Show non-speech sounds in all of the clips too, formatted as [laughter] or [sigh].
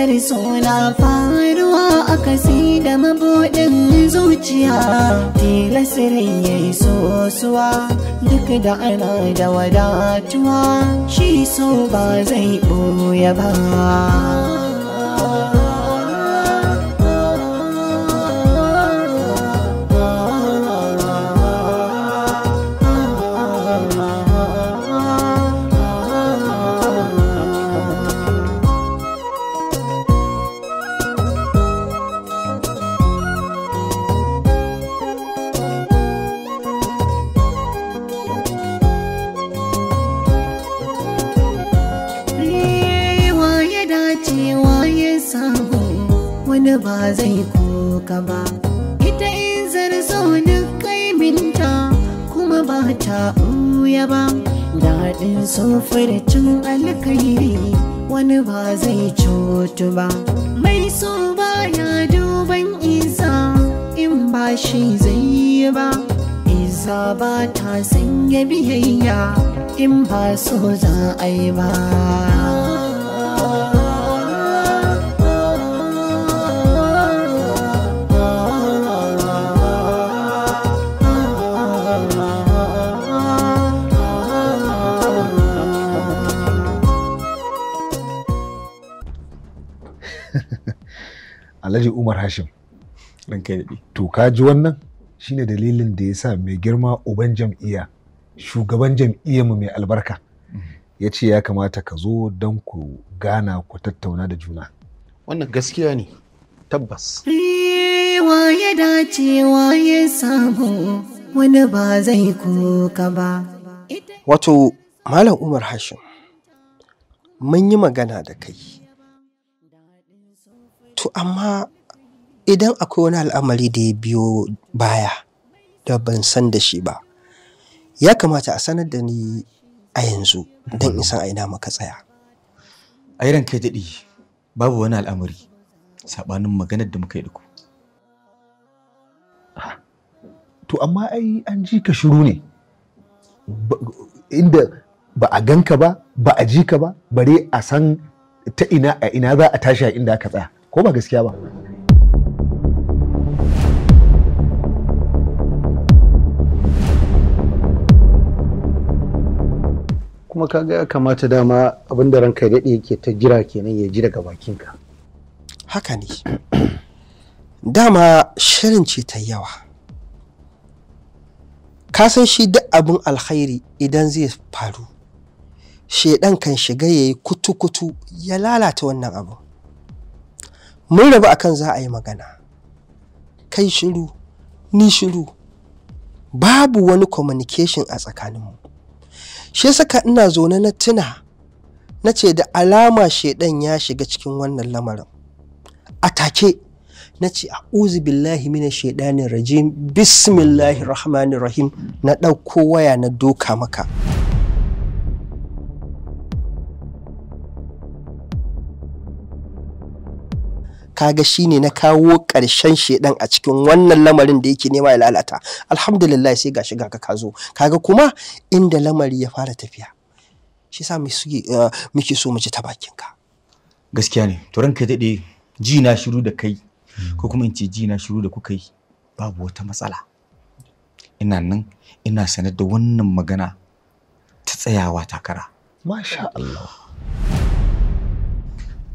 ƙaunar suna faruwa a kasi da mabuɗin zuciya tilasirin ya yi sosuwa duk da ana da wadatuwa shi so ba zai ɓoya ba ba zai koka ba ita in izar kai kaiminta kuma ba ta ɓuya ba daɗin cin alkairi wani ba zai cutu ba mai so ba ya duban isa in ba shi zai ba isa ba ta sanya biyayya in ba so za a yi ba Alhaji Umar Hashim. To ka ji wannan shine dalilin da ya sa mai girma uban jam'iyya shugaban jam'iyyar mu mai albarka ya ce ya kamata ka zo don ku gana ku tattauna da juna. Wannan gaskiya ne tabbas. Waye dace waye samu wani ba zai kuka ba. Wato Malam Umar Hashim mun yi magana da kai. To amma idan akwai wani al'amari da ya biyo baya da ban san da shi ba, ya kamata a sanar da ni a yanzu don in san a ina maka tsaya. A yi kai daɗi babu wani al'amari saɓanin maganar da muka yi da To amma ai an ji ka shiru ne inda ba a ganka ba ba a ji ka ba bare a san ta ina a ina za a tashi a inda aka tsaya. ko ba gaskiya ba kuma kaga ya kamata dama abin da ranka ya daɗe yake ta jira kenan ya ji daga bakinka haka ne [clears throat] dama shirin ce ta yawa ka san shi duk abin alkhairi idan zai faru shaidan kan shiga ya yi kutu-kutu ya lalata wannan abu mun rabu kan za a yi magana kai shiru ni shiru babu wani communication a tsakaninmu shi saka ina zaune na tuna na ce da alama shaidan ya shiga cikin wannan lamarin a take na ce a billahi mina shaidanin rajim bismillahir na ɗauko waya na doka maka kaga shine na kawo karshen shedan a cikin wannan lamarin da yake nema ya lalata alhamdulillah sai gashi ga ka zo kaga kuma inda lamari ya fara tafiya shi sa eh, muke so mu ta ta bakinka gaskiya ne to ranka daɗe ji na shiru da kai ko kuma in ce ji na shiru da kuka yi babu wata matsala ina nan ina sanar da wannan magana ta tsayawa takara masha Allah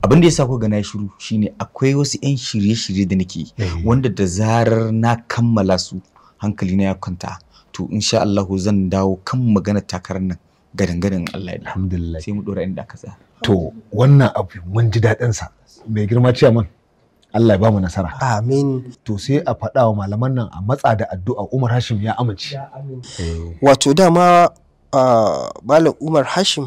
abin da ya ku gana na shiru shine akwai wasu yan shirye-shirye da nake eh. wanda da zarar na kammala su hankali na ya kwanta to insha Allah zan dawo kan magana takarar nan gadan-gadan Allah ya alhamdulillah sai mu dora inda aka tsaya to wannan abu mun ji daɗin sa mai girma man? Allah ya ba mu nasara. Amin. To sai a faɗa wa malaman nan a matsa da addu'a Umar Hashim ya amince. Eh. Wato dama ah, Malam Umar Hashim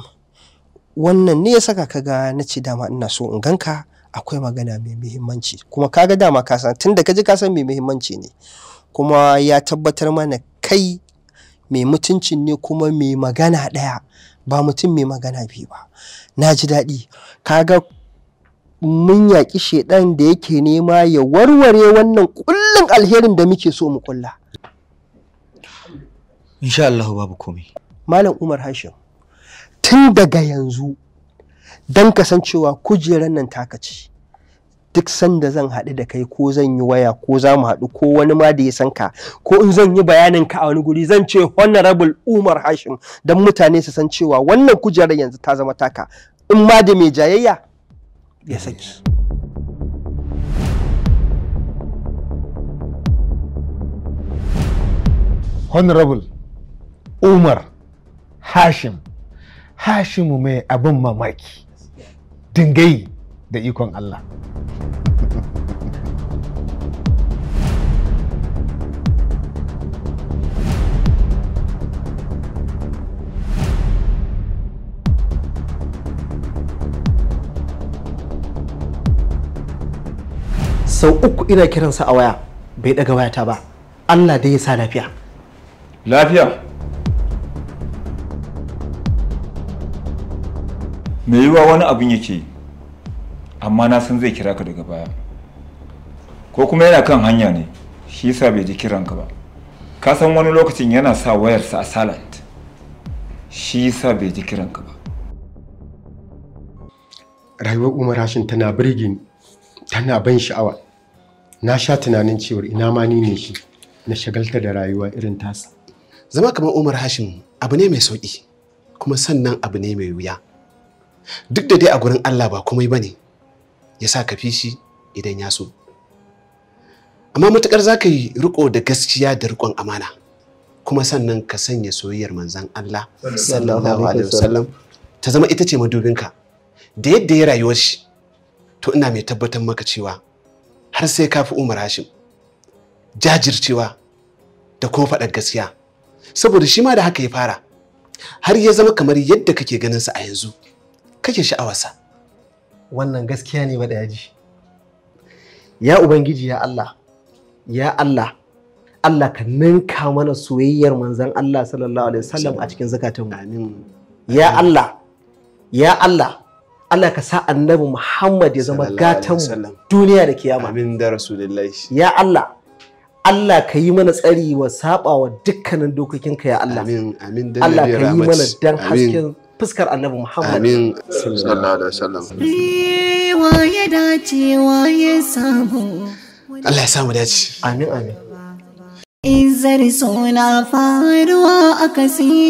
wannan ne ya saka ka ga na ce dama ina so in ganka akwai magana mai muhimmanci kuma kaga dama ka san tunda ka ji ka san mai muhimmanci ne kuma ya tabbatar mana kai mai mutuncin ne kuma mai magana ɗaya ba mutum mai magana biyu ba na ji daɗi kaga mun yaƙi shaidan da yake nema ya warware wannan kullum alherin da muke so mu kulla insha Allah babu komai malam Umar Hashim tun daga yanzu don kasancewa kujerar nan taka ce duk sanda zan haɗu da kai ko zan yi waya ko za mu haɗu ko wani ma da ya san ka ko in zan yi bayanin ka a wani guri zan ce honorable umar hashim don mutane su san cewa wannan kujerar yanzu ta zama taka in ma da mai jayayya ya saki honorable umar hashim hashimu mai abin mamaki dingayi da ikon Allah sau uku ina kiransa a waya bai daga wayata ba Allah dai ya sa lafiya lafiya mai yiwa wani abin yake yi amma na san zai kira ka daga baya ko kuma yana kan hanya ne shi yasa bai ji kiran ka ba ka san wani lokacin yana sa wayarsa a silent shi yasa bai ji kiran ka ba rayuwar umar hashin tana birgin tana ban sha'awa na sha tunanin cewar ina ma ni ne shi na shagaltar da rayuwa irin tasa zama kamar umar hashin abu ne mai sauki kuma sannan abu ne mai wuya duk da dai a gurin Allah ba komai ne, ya sa ka fi shi idan ya so amma matukar za ka yi riko da gaskiya da rikon amana kuma sannan ka sanya soyayyar manzan Allah sallallahu alaihi wasallam ta zama ita ce madubinka da yadda ya rayuwa shi to ina mai tabbatar maka cewa har sai ka fi Umar Hashim jajircewa da ko faɗar gaskiya saboda shi ma da haka ya fara har ya zama kamar yadda kake ganin sa a yanzu kake sha'awarsa wannan gaskiya ne da yaji ya ubangiji ya Allah ya Allah Allah ka ninka mana soyayyar manzon Allah sallallahu alaihi wasallam a cikin zakatunmu amin ya Allah ya Allah Allah ka sa annabi Muhammad ya zama gatan duniya da kiyama amin da rasulullahi ya Allah Allah ka yi mana tsari wa saba wa dukkanin dokokinka ya Allah amin amin Allah ka yi mana dan hasken fuskar annabi Muhammad. Amin. Sallallahu alaihi wasallam. ya dace ya samu. Allah ya samu dace. Amin amin. Izar suna faruwa a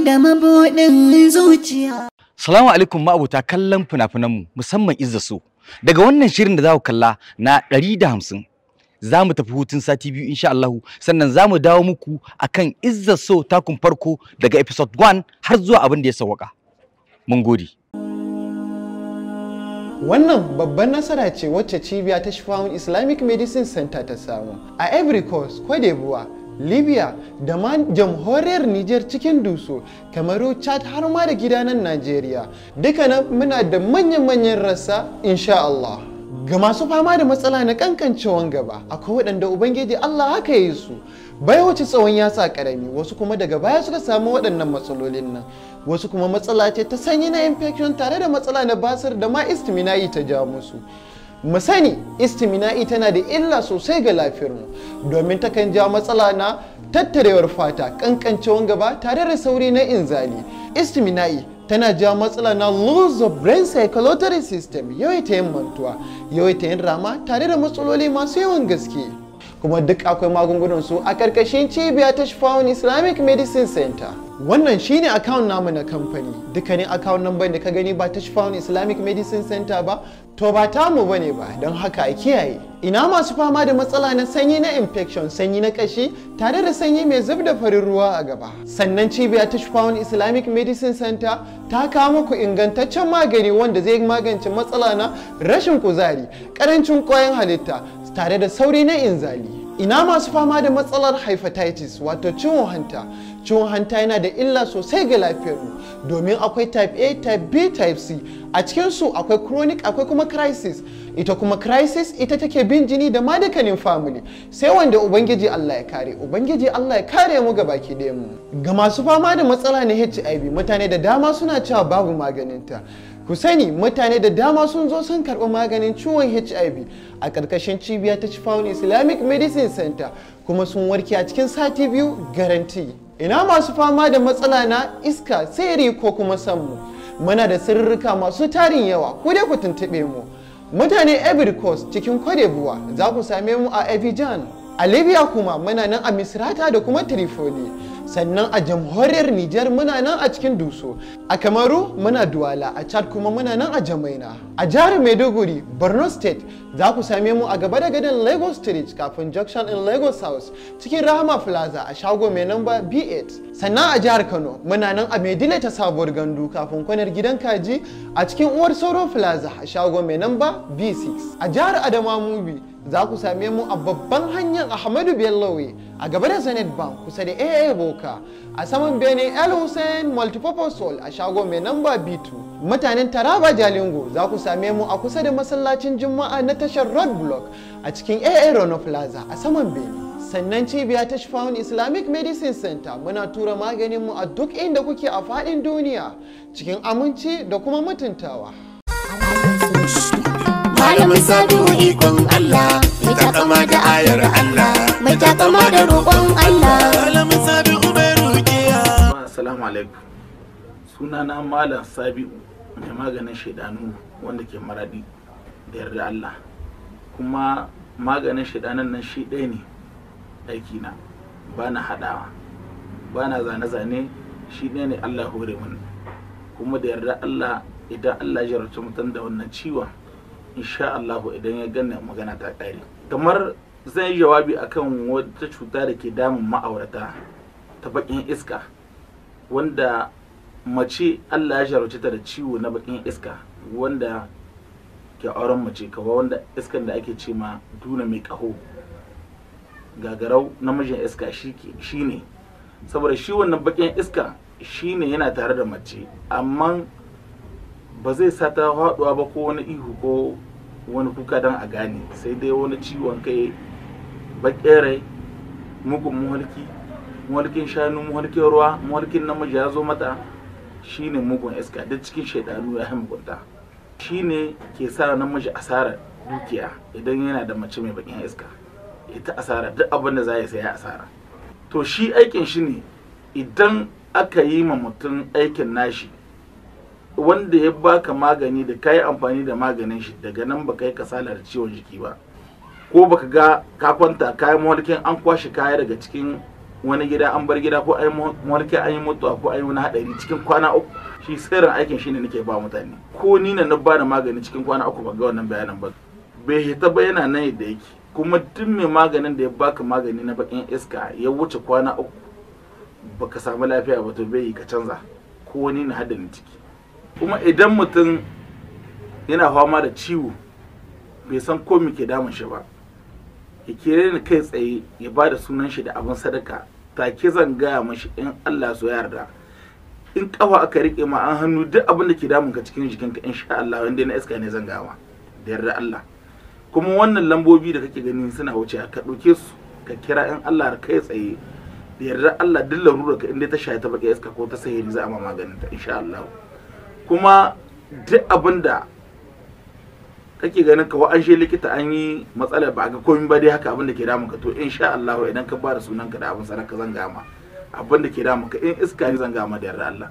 da mabuɗin zuciya. Salamu alaikum ma'abuta kallon fina-finanmu musamman Izza so. Daga wannan shirin da za ku kalla na ɗari da hamsin za mu tafi hutun sati biyu insha Allahu sannan za mu dawo muku akan Izza so takun farko daga episode 1 har zuwa abin da ya sawwaka. mun gode wannan babban nasara ce wacce cibiya ta shifawun islamic medicine center ta samu a every coast d'Ivoire, libya da ma jamhuriyar nijar cikin duso kamaru chad har ma da gidanan najeriya dukkanin muna da manyan-manyan rasa insha Allah. ga masu fama da matsala na kankancewan gaba akwai waɗanda ubangiji allah haka yi su bai wace tsawon yasa karami wasu kuma daga baya suka samu waɗannan matsalolin nan wasu kuma matsala ce ta sanyi na infection tare da matsala na basir da ma istimina'i ta ja musu mu sani istimina'i tana da illa sosai ga lafiyarmu domin takan ja matsala na tattarewar fata kankancewan gaba tare da sauri na inzali istimina'i tana ja matsala na loss of brain circulatory system yawaita yin mantuwa yawaita yin rama tare da matsaloli masu yawan gaske kuma duk akwai magungunan su a ƙarƙashin cibiya ta Shifawun Islamic Medicine Center. wannan shine account namu na kamfani dukkanin account number da ka gani ba ta Shifawun Islamic Medicine Center ba to ba tamu ne ba don haka a kiyaye ina masu fama da matsala na sanyi na infection sanyi na kashi tare da sanyi mai zub da farin ruwa a gaba sannan cibiya ta Shifawun Islamic Medicine Center ta kawo muku ingantaccen magani wanda zai magance matsala na rashin kuzari karancin kwayan halitta tare da sauri na inzali ina masu fama da matsalar hepatitis wato ciwon hanta ciwon hanta yana da illa sosai ga lafiyarmu domin akwai type a type b type c a cikinsu akwai chronic akwai kuma crisis ita kuma crisis ita take bin jini da madakanin family sai wanda ubangiji allah ya kare ubangiji allah ya kare mu ga baki ɗaya mu ga masu fama da matsala na hiv mutane da dama suna cewa babu maganinta ku sani mutane da dama sun zo sun karɓi maganin ciwon hiv a ƙarƙashin cibiya ta Chifawun islamic medicine center kuma sun warke a cikin sati biyu garanti ina masu fama da matsala na iska sihiri ko kuma sanmu muna da sirrika masu tarin yawa ko dai ku tuntuɓe mu mutane ivory coast cikin buwa za ku same mu a abidjan a libya kuma muna nan a misrata da kuma trifoli sannan a jamhuriyar Nijar muna nan a cikin Duso a Kamaru muna Duwala a Chad kuma muna nan a Jamaina a jihar Maiduguri Borno State za ku same mu a gaba da gadon Lagos Street kafin Junction in Lagos House cikin Rahama Plaza a shago mai namba B8 sannan a jihar Kano muna nan a Maidile ta sabuwar gandu kafin kwanar gidan kaji a cikin Uwar sauro Plaza a shago mai namba B6 a jihar Adamawa Mubi za ku same mu a babban hanyar Ahmadu Bellowe a gaba da Zenith Bank kusa da AA Boka a saman Bene El Hussein Multipurpose a shago mai namba B2. Mutanen Taraba Jalingo za ku same mu a kusa da masallacin Juma'a na tashar Road Block a cikin AA Rono Plaza a saman Bene. sannan cibiya ta Shifawun Islamic Medicine Center muna tura maganinmu a duk inda kuke a faɗin duniya cikin aminci da kuma mutuntawa. malamin sabiu ikon Allah mai takama da ayar Allah mai takama da roƙon Allah malamin sabiu mai rukiya assalamu alaikum na malam sabiu mai maganin shaidanu wanda ke maradi da yarda Allah kuma maganin shaidanan nan shi ɗaya ne aiki na ba na haɗawa ba na zane-zane shi ɗaya ne Allah hore mun kuma da yarda Allah idan Allah ya jarabta mutum da wannan ciwon insha Allah idan ya gane magana ta ƙare kamar zan yi jawabi akan wata cuta da ke damun ma'aurata ta bakin iska wanda mace Allah ya jarauce ta da ciwo na bakin iska wanda ke auren mace kawai wanda iskan da ake ce ma duna mai kaho gagarau namijin iska shi ne saboda shi wannan bakin iska shi ne yana tare da mace amma ba zai sata haɗuwa ba ko wani ihu ko wani kuka don a gane sai dai wani ciwon kai bakere mugun muhalki muhalkin shanu muhalkin ruwa muhalkin namiji ya zo mata shine mugun iska duk cikin shaidanu ya mugunta shine ke sa namiji asara dukiya idan yana da mace mai bakin iska ita asara duk abin da za ya sai asara to shi aikin shi ne idan aka yi ma mutum aikin nashi wanda ya baka magani da ka yi amfani da maganin shi daga nan baka yi kasala da ciwon jiki ba ko baka ga ka kwanta kayan mawalkin an kwashe kaya daga cikin wani gida an bar gida ko ai yi an yi mutuwa ko ai wani hadari cikin kwana uku shi sirrin aikin shine nake ba mutane ko ni na ba da magani cikin kwana uku ba ga wannan bayanan ba bai hita ba yana nan yadda yake kuma duk mai maganin da ya baka magani na bakin iska ya wuce kwana uku baka samu lafiya ba to bai yi ka canza ko wani na hadarin ciki kuma idan mutum yana fama da ciwo bai san ko me ke damun shi ba ya kere ni kai tsaye ya ba da sunan shi da abin sadaka take zan gaya mashi in Allah so yarda in kafa aka rike ma an hannu duk abin da ke damun ka cikin jikinka insha Allah wanda na iska ne zan gawa da yarda Allah kuma wannan lambobi da kake gani suna wuce ka ɗauke su ka kira in Allah kai tsaye da yarda Allah duk larurarka in dai ta shaye ta baka iska ko ta sahihi za a ma maganin ta insha Allah kuma duk abin da kake ganin ka an shi likita an yi matsalar ba ga komai ba dai haka abin da ke damu ka to insha Allah idan ka ba da sunan ka da abin sadaka zan gama abin da ke damu ka in iska ne zan gama da yarda Allah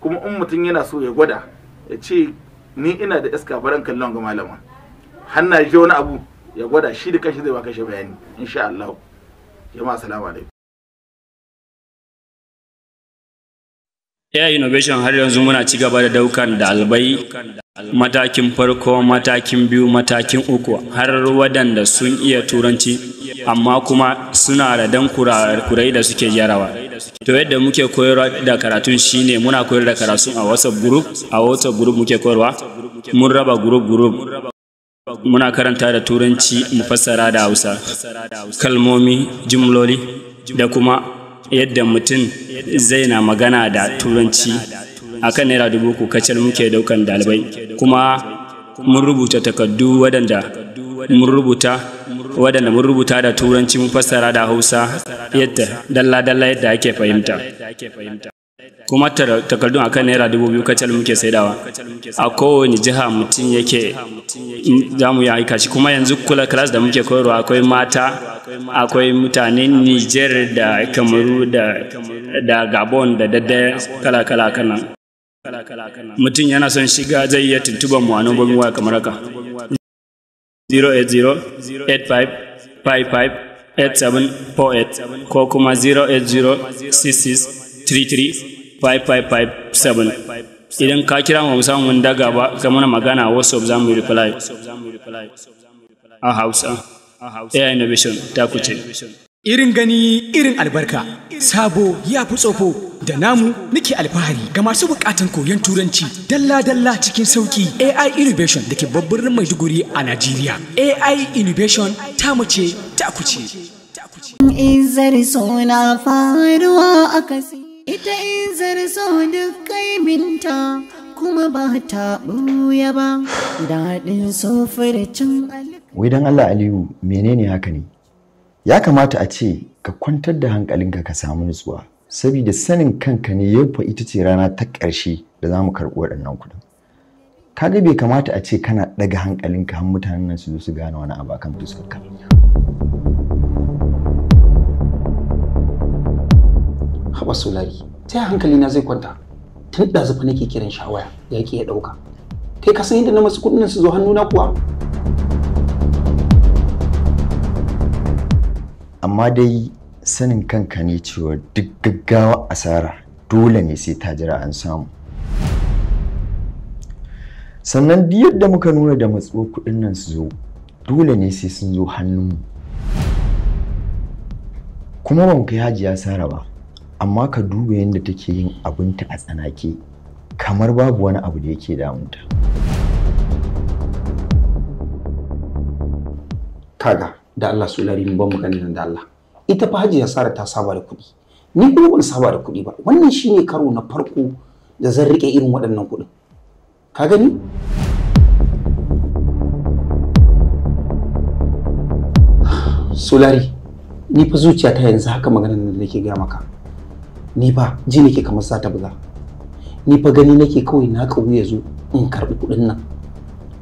kuma in mutum yana so ya gwada ya ce ni ina da iska baran kallon ga malama hanna ji wani abu ya gwada shi da kashi zai baka shi bayani insha Allah jama'a assalamu alaikum Air innovation har yanzu muna ci gaba da daukan dalibai matakin farko matakin biyu matakin uku har waɗanda sun iya turanci amma kuma suna da dan kurai da suke gyarawa to yadda muke koyar da karatun shine muna koyar da karatun a whatsapp group a whatsapp group muke koyarwa mun raba group group muna karanta da turanci mu fassara da hausa kalmomi jimloli da kuma yadda mutum zai na magana da turanci akan naira dubu ku kacal muke daukan dalibai kuma mun rubuta takardu wadanda mun rubuta waɗanda mun rubuta da turanci mun fassara da hausa yadda dalla-dalla yadda ake fahimta kuma takardun akan naira dubu biyu kacal muke saidawa a kowane jiha mutum yake za mu yi aika shi kuma yanzu kula class da muke koyarwa akwai mata akwai mutanen niger da kamaru da gabon da daddare kala-kala kanan mutum yana son shiga zai iya tuntuban mu a nambobin waya kamar haka 080 85 55 8748 ko kuma 080 66 33 5557 idan ka kira mu musamman mun daga ba ka muna magana a whatsapp za mu reply a hausa ai innovation ta kuce irin gani irin albarka sabo ya fi tsofo da namu muke alfahari ga masu bukatan koyon turanci dalla-dalla cikin sauki AI Innovation da ke babban Maiduguri a Najeriya. AI Innovation ta mace ta kuce. Izar suna faruwa a kasi. ita in zarzo duk kaiminta kuma ba ta buya ba daɗin cin wai don Allah Aliyu menene haka ne ya kamata a ce ka kwantar da hankalinka ka samu nutsuwa saboda sanin kanka ne yau fa ita ce rana ta ƙarshe da za mu karɓi waɗannan kuɗin kaga bai kamata a ce kana ɗaga hankalinka har mutanen nan su zo su gane wani abu akan fuskar ka taɓa solari ta hankali na zai kwanta tun da zafi nake kiran shawaya ya yake ya ɗauka kai ka san yadda na masu kuɗin su zo hannuna kuwa amma dai sanin kanka ne cewa duk gaggawa asara dole ne sai ta jira an samu sannan duk yadda muka nuna da matsuwar kuɗin nan su zo dole ne sai sun zo hannunmu kuma ban kai hajiya sara ba amma ka duba yadda take yin abinta a tsanake kamar babu wani abu da yake damunta kaga da Allah su lari mu ganin da Allah ita fa hajiya Sara ta saba da kuɗi ni kuma ban saba da kuɗi ba wannan shine karo na farko da zan rike irin waɗannan kuɗin ka gani Sulari. ni fa zuciya ta yanzu haka maganar da nake gaya maka. ni ba ji nake kamar ta buga ni fa gani nake kawai na kawu ya zo in karɓi kuɗin nan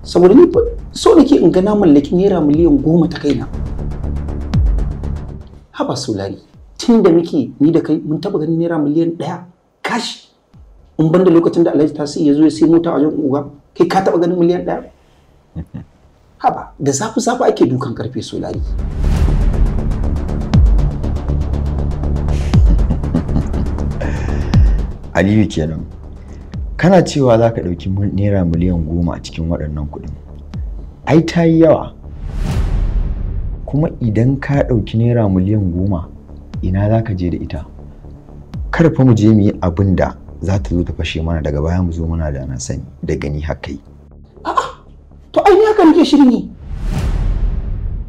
saboda ni fa so nake in ga na mallaki naira miliyan goma ta kaina haba sulari tun da muke ni da kai mun taɓa ganin naira miliyan ɗaya kashi in ban da lokacin da alhaji ta tasiri ya zo ya sai mota a wajen uba, kai ka taɓa ganin miliyan ɗaya [laughs] haba da safi safi ake dukan karfe sulari aliyu kenan kana cewa za ka ɗauki naira miliyan goma a cikin waɗannan kuɗin ai ta yi yawa kuma idan ka ɗauki naira miliyan goma ina za ka je da ita karfa mu je mu yi abin da za ta zo ta fashe mana daga baya mu zo muna da na sani da gani haka yi a'a to ai haka nake shirin yi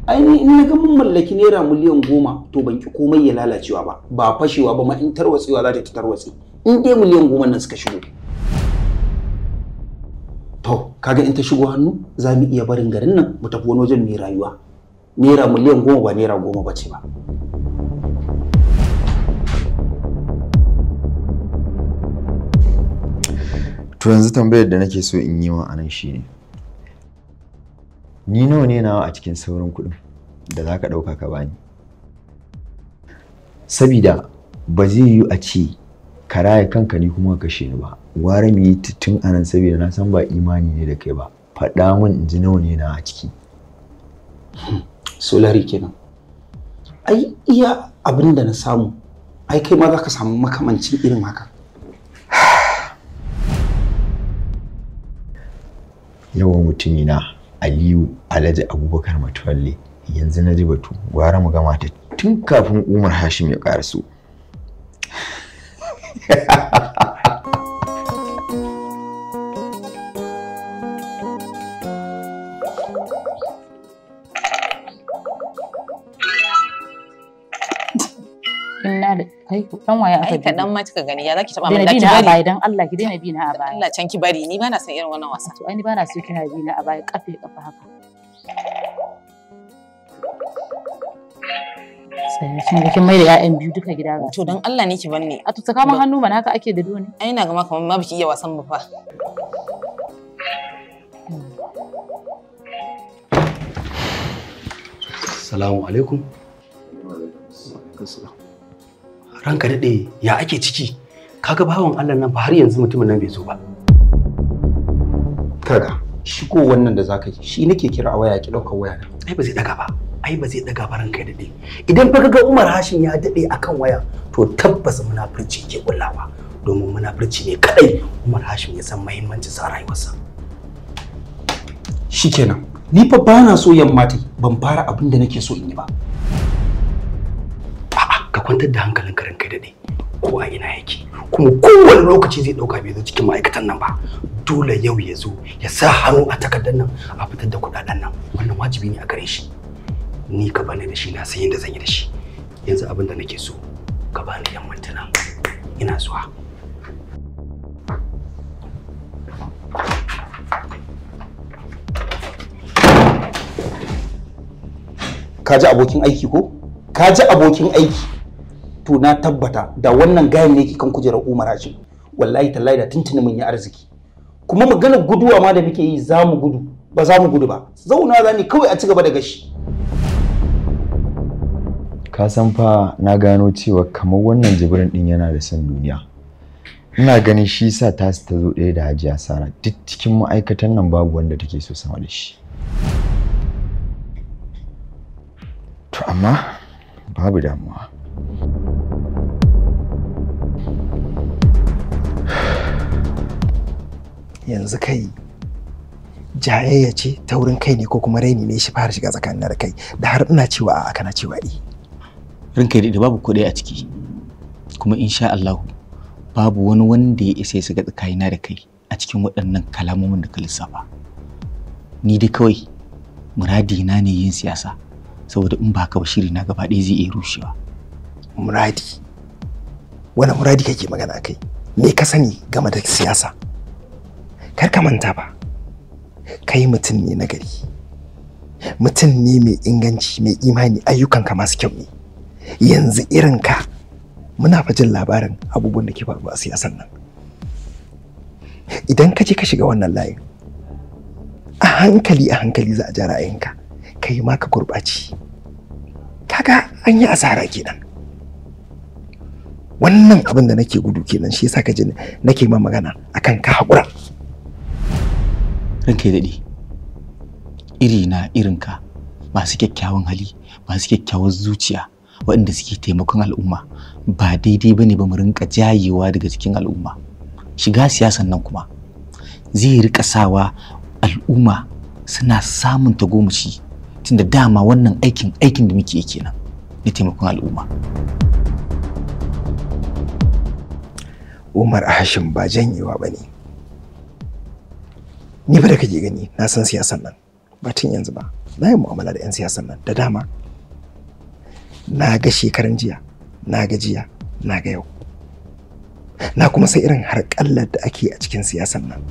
ai ni in ga mun mallaki naira miliyan goma to ban ki komai ya lalacewa ba ba fashewa ba ma in tarwatsewa za ta tarwatse in dai miliyan goma nan suka shigo to kaga in ta shigo hannu za mu iya barin garin nan mu tafi wani wajen mai rayuwa naira miliyan goma ba naira goma ba ce ba to yanzu tambayar da nake so in yi wa anan shi ne. ni nawa ne nawa a cikin saurin kuɗin da za ka ɗauka ka bani sabida ba zai yiwu a ce ka raya kanka ni kuma ka kashe ni ba gwara mu yi tun anan saboda na san ba imani ne da kai ba faɗa min in ji nawa ne na a ciki solari kenan ai iya abin da na samu ai kai ma za ka samu makamancin irin haka yawa mutumi na aliyu alhaji abubakar matuwalle yanzu na ji batu gwara mu gama ta tun kafin umar hashim ya karasu dan waye aka bi dan ma kika gani ya zaki taba mallaki bari a baya dan Allah ki daina bi na a baya Allah can ki bari ni bana son irin wannan wasa to ai ni bana so kina bi na a baya kafe kafa haka Kin ga kin mai da ƴaƴan biyu duka gida ga. To dan Allah ne ki bar A to saka hannu mana haka ake da dole. Ai ina ga ma kamar ma biki iya wasan ba fa. Assalamu alaikum. Ranka daɗe ya ake ciki? Kaga bawan Allah nan ba har yanzu mutumin nan bai zo ba. Kaga shigo wannan da zaka yi shi nake kira a waya ki ɗaukar waya. Ai ba zai ɗaga ba. ai ba zai daga baran kai dade idan fa ga Umar Hashim ya dade akan waya to tabbas munafirci ke kullawa domin munafirci ne kadai Umar Hashim ya san muhimmancin sa rayuwarsa shikenan ni fa na so yamma tai ban fara abin da nake so in yi ba a'a ka kwantar da hankalin karin kai ko a ina yake kuma kowane lokaci zai dauka bai zo cikin ma'aikatan nan ba dole yau ya zo ya sa hannu a takardar nan a fitar da kudaden nan wannan wajibi ne a gare shi ni ka bani da shi na san yadda zan yi da shi yanzu abin da nake so ka bani yan mintuna ina zuwa ka ji abokin aiki ko ka ji abokin aiki to na tabbata da wannan gayan ne kan kujerar Umar Haji, wallahi tallahi da tuntuni mun yi arziki kuma maganar guduwa ma da muke yi za gudu ba za mu gudu ba zauna za ni kawai a ci gaba da gashi ka san fa na gano cewa kamar wannan jibrin din yana da son duniya ina ganin shi sa ta ta zo ɗaya da hajiya sara duk cikin ma'aikatan nan babu wanda take so sama da shi to amma babu damuwa yanzu kai jayayya ce taurin kai ne ko kuma raini ne shi fara shiga tsakanin da kai da har ina cewa a'a kana cewa eh ranka da babu kuɗi a ciki kuma insha Allah babu wani wanda ya isa ya ga tsakanina da kai a cikin waɗannan kalamomin da ka lissafa ni dai kawai muradi na ne yin siyasa saboda in ba ka ba shiri na gaba ɗaya zai iya rushewa muradi wani muradi kake magana kai me ka sani game da siyasa kar ka manta ba kai mutum ne na gari mutum ne mai inganci mai imani ka masu kyau ne yanzu irin ka muna fa jin labarin abubuwan da ke faru a siyasar nan idan ka je ka shiga wannan layin a hankali a hankali za a ja ra'ayinka kai ma ka gurɓaci kaga an yi asara kenan wannan abin da nake gudu kenan shi yasa ka ji nake ma magana akan ka haƙura ranke daɗi iri na irinka masu kyakkyawan hali masu kyakkyawan zuciya waɗanda suke taimakon al'umma ba daidai ba ne ba mu rinka jayewa daga cikin al'umma shiga siyasan nan kuma zai rika sawa al'umma suna samun tagomashi tunda dama wannan aikin aikin da muke kenan na taimakon al'umma Umar Hashim ba janyewa ba ne. Ni ba da kake gani na san siyasan nan ba tun yanzu ba. Na yi mu'amala da 'yan siyasan nan da dama. na ga shekaran jiya na ga jiya na ga yau na kuma sai irin harƙallar da ake a cikin siyasan nan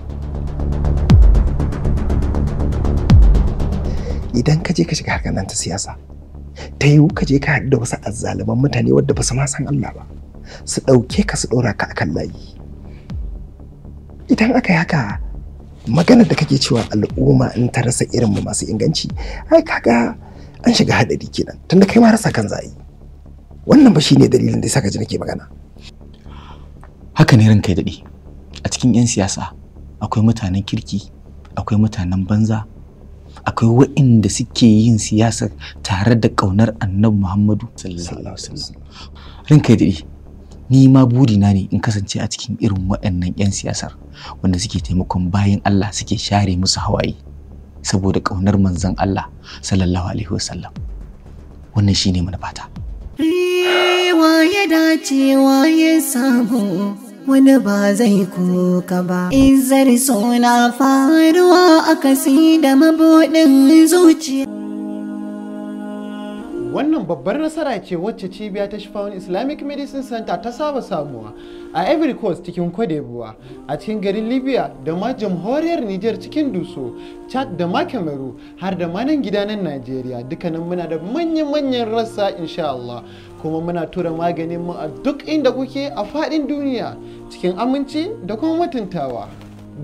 idan ka je ka shiga harkar nan ta siyasa ta yiwu ka je ka haɗu da wasu azzaluman mutane wadda ba su ma san Allah ba su ɗauke ka su ɗora ka akan layi idan aka yi haka maganar da kake cewa al'umma in ta rasa irinmu masu inganci ai kaga an shiga hadari kenan tunda kai ma rasa kan zai wannan ba shine dalilin da yasa ka ji nake magana haka ne ranka dadi a cikin yan siyasa akwai mutanen kirki akwai mutanen banza akwai waɗanda suke yin siyasa tare da ƙaunar annabi Muhammadu sallallahu alaihi wasallam ranka dadi ni ma burina ne in kasance a cikin irin waɗannan 'yan siyasar wanda suke taimakon bayan Allah suke share musu hawaye saboda ƙaunar manzon Allah sallallahu alaihi wasallam wannan shine fata Rewa ya dace ya sabo wani ba zai kuka ba izar suna faruwa akasi da mabuɗin zuciya wannan babbar nasara ce wacce cibiya ta Shifawun Islamic Medicine Center ta saba samuwa a Ivory Coast cikin Kwadebuwa, a cikin garin Libya da ma jamhuriyar Nijar cikin Duso, Chad da ma Kameru har da ma nan gidanan Najeriya dukkanin muna da manyan-manyan rassa insha Allah kuma muna tura maganin mu a duk inda kuke a faɗin duniya cikin aminci da kuma mutuntawa.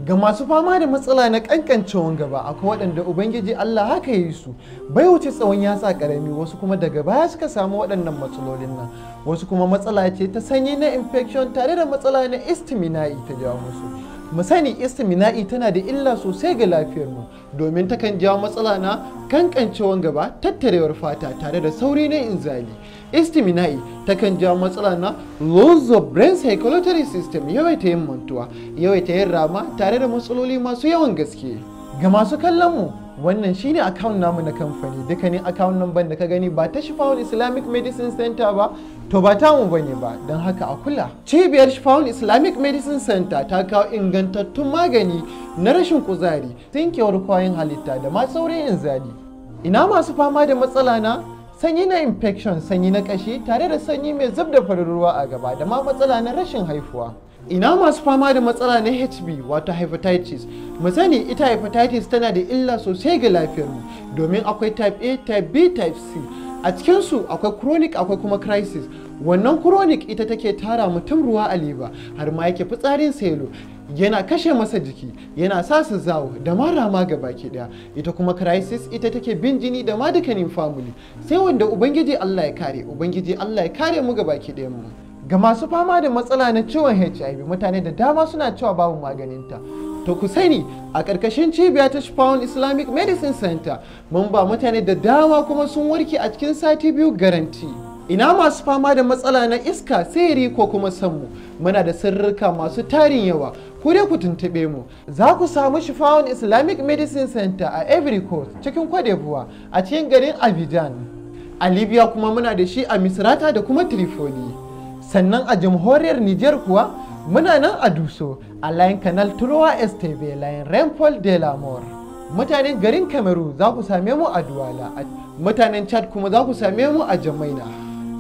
ga masu fama da matsala na kankancewan gaba akwai waɗanda ubangiji Allah haka yi su bai wuce tsawon ya sa ƙarami wasu kuma daga baya suka samu waɗannan matsalolin nan wasu kuma matsala ce ta sanyi na infection tare da matsala na istimina'i ta jawo musu mu sani istimina'i tana da illa sosai ga lafiyarmu domin takan jawo matsala na kankancewan gaba tattarewar fata tare da sauri na inzali istimina'i takan jawo matsala na loss of brain circulatory system yawaita yin mantuwa yawaita yin rama tare da matsaloli masu yawan gaske ga masu kallon mu wannan shine account namu na kamfani dukkanin account number da ka gani ba ta shifawul islamic medicine center ba to ba mu bane ba don haka a kula cibiyar shifawul islamic medicine center ta kawo ingantattun magani na rashin kuzari tsinkewar kwayan halitta da ma saurayin inzali ina masu fama da matsala na sanyi na infection sanyi na kashi tare da sanyi mai zub da farin ruwa a gaba da ma matsala na rashin haifuwa ina masu fama da matsala na hb wato hepatitis mu sani ita hepatitis tana da illa sosai ga lafiyarmu domin akwai type a type b type c a cikinsu akwai chronic akwai kuma crisis wannan chronic ita take tara mutum ruwa a liba har ma yake fitsarin selo yana kashe masa jiki yana sa su zawo da ma rama ga baki daya ita kuma crisis ita take bin jini da ma dukkanin family sai wanda ubangiji Allah ya kare ubangiji Allah ya kare mu ga baki daya mu ga masu fama da matsala na ciwon hiv mutane da dama suna cewa babu maganinta to ku sani a ƙarƙashin cibiya ta Shifawun islamic medicine center mun ba mutane da dama kuma sun warke a cikin sati biyu garanti ina masu fama da matsala na iska sihiri ko kuma sammu muna da sirrika masu tarin yawa ku dai ku tuntuɓe mu za ku samu Shifawun islamic medicine center a every coast cikin kwadebuwa a cikin garin abidjan a libya kuma muna da shi a misrata da kuma Tripoli. sannan a jamhuriyar Nijar kuwa muna nan a Duso a layin kanal Turowa STV layin Rainfall de la Mutanen garin Cameroon za ku same mu a Duwala, mutanen Chad kuma za ku same mu a Jamaina.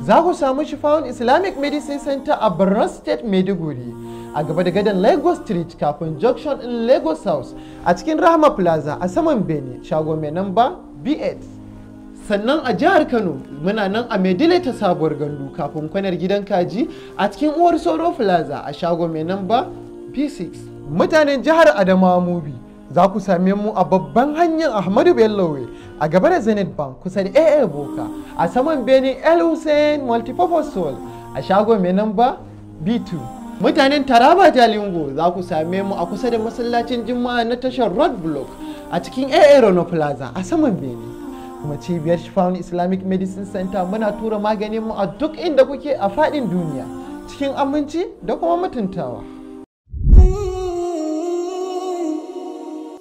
Za ku samu Shifawun Islamic Medicine Center a Borno State Maiduguri a gaba da gadon Lagos Street kafin Junction in Lagos House a cikin Rahama Plaza a saman Bene shago mai namba B8. sannan a jihar kano muna nan a maidile ta sabuwar gandu kafin kwanar gidan kaji a cikin uwar soro plaza a shago mai namba b 6 mutanen jihar adamawa mubi za ku same mu a babban hanyar ahmadu bellowe a gaba da zenith bank kusa da aa boka a saman benin el hussein multipurpose a shago mai namba b2 mutanen taraba jalingo za ku same mu a kusa da masallacin juma'a na tashar road block a cikin aa rono plaza a saman benin kuma cibiyar Shifawun Islamic Medicine Center muna tura mu a duk inda kuke a fadin duniya cikin aminci da kuma mutuntawa.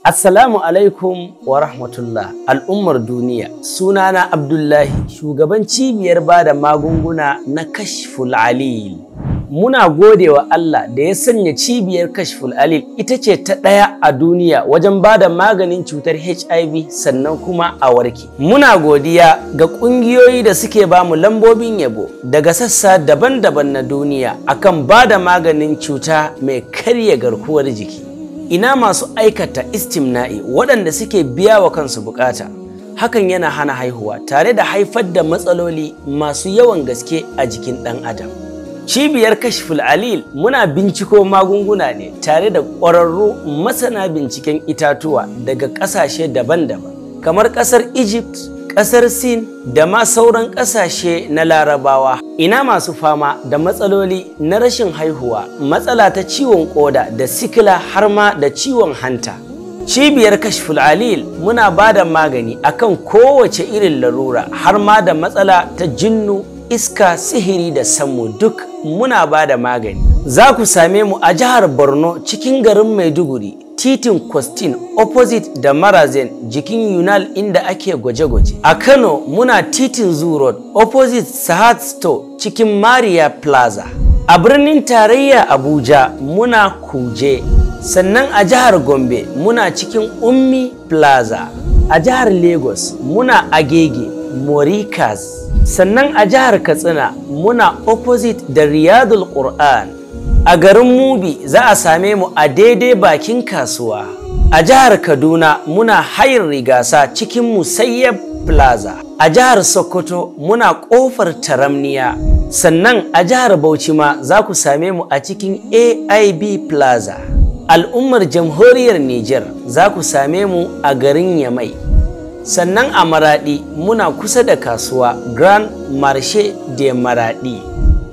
Assalamu alaikum wa rahmatullah al'ummar duniya sunana Abdullahi shugaban cibiyar bada magunguna na kashful alil muna gode wa Allah da ya sanya cibiyar kashful alil ita ce ta ɗaya a duniya wajen ba da maganin cutar HIV sannan kuma a warke. Muna godiya ga ƙungiyoyi da suke ba mu lambobin yabo daga sassa daban-daban na duniya akan ba da maganin cuta mai karya garkuwar jiki. Ina masu aikata istimna'i waɗanda suke biya wa kansu bukata. hakan yana hana haihuwa tare da haifar da matsaloli masu yawan gaske a jikin ɗan adam. Cibiyar Kashful Alil muna binciko magunguna ne tare da ƙwararru masana binciken itatuwa daga ƙasashe daban-daban, kamar ƙasar Egypt, ƙasar Sin da ma sauran ƙasashe na Larabawa. Ina masu fama da matsaloli na rashin haihuwa, matsala ta ciwon ƙoda da sikila har ma da ciwon hanta. Cibiyar Kashful Alil muna ba da magani akan kowace irin larura har ma da matsala ta jinnu iska sihiri da sammu duk muna ba da magani za ku same mu a jihar borno cikin garin maiduguri titin kwastin opposite da marazen jikin yunal inda ake gwaje-gwaje a kano muna titin zoo road opposite sahad store cikin maria plaza a birnin tarayya abuja muna kuje sannan a jihar gombe muna cikin ummi plaza a jihar lagos muna agege morikas sannan a jihar katsina muna opposite da riyadul qur'an a garin mubi za a same mu a daidai bakin kasuwa a jihar kaduna muna hayin rigasa cikin musayyab plaza a jihar sokoto muna ƙofar taramniya sannan a jihar bauchi ma za ku same mu a cikin aib plaza al'ummar jamhuriyar Nijar za ku same mu a garin yamai sannan a maraɗi muna kusa da kasuwa grand marche de maraɗi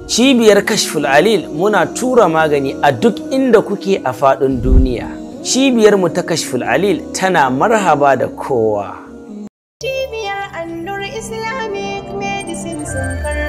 cibiyar kashful alil muna tura magani a duk inda kuke a faɗin duniya cibiyar mu ta kashful alil tana marhaba da kowa cibiyar allur islamic medicine sun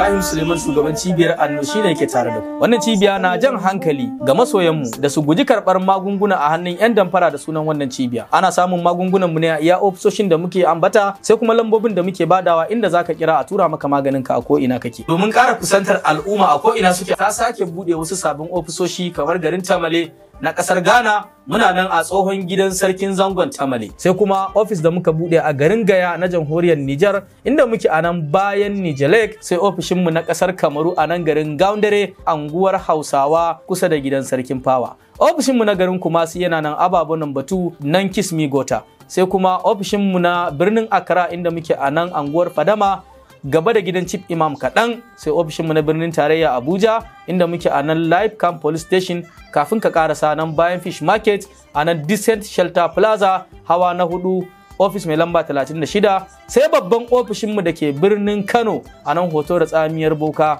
Ibrahim Suleiman shugaban cibiyar Anno shine yake tare da ku. Wannan cibiya na jan hankali ga masoyanmu da su guji karɓar magunguna a hannun 'yan damfara da sunan wannan cibiya. Ana samun magungunan mu ne a iya ofisoshin da muke ambata sai kuma lambobin da muke badawa inda zaka kira a tura maka maganin ka a ko ina kake. Domin ƙara kusantar al'umma a ko ina suke ta sake buɗe wasu sabbin ofisoshi kamar garin Tamale na kasar Ghana muna nan a tsohon gidan sarkin zangon Tamale. Sai kuma ofis da muka bude a garin Gaya na jamhuriyar Nijar inda muke a nan bayan lake. sai ofishinmu na kasar Kamaru a nan garin Gaundare anguwar Hausawa kusa da gidan sarkin Fawa. Ofishinmu na garin Kumasi yana nan ababen batu nan Kismi Gota. Sai kuma ofishinmu na birnin Accra inda muke a nan anguwar Fadama gaba da gidan chief imam kaɗan sai ofishin mu na birnin tarayya abuja inda muke a nan live camp police station kafin ka karasa nan bayan fish market a nan decent shelter plaza hawa na hudu ofis mai lamba 36 sai babban ofishinmu da ke birnin kano a nan hoto da tsamiyar boka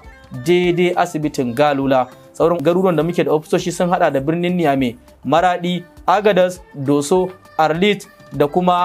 daidai asibitin galula sauran garuruwan da muke da ofisoshi sun hada da birnin niame maradi agadas doso arlit da kuma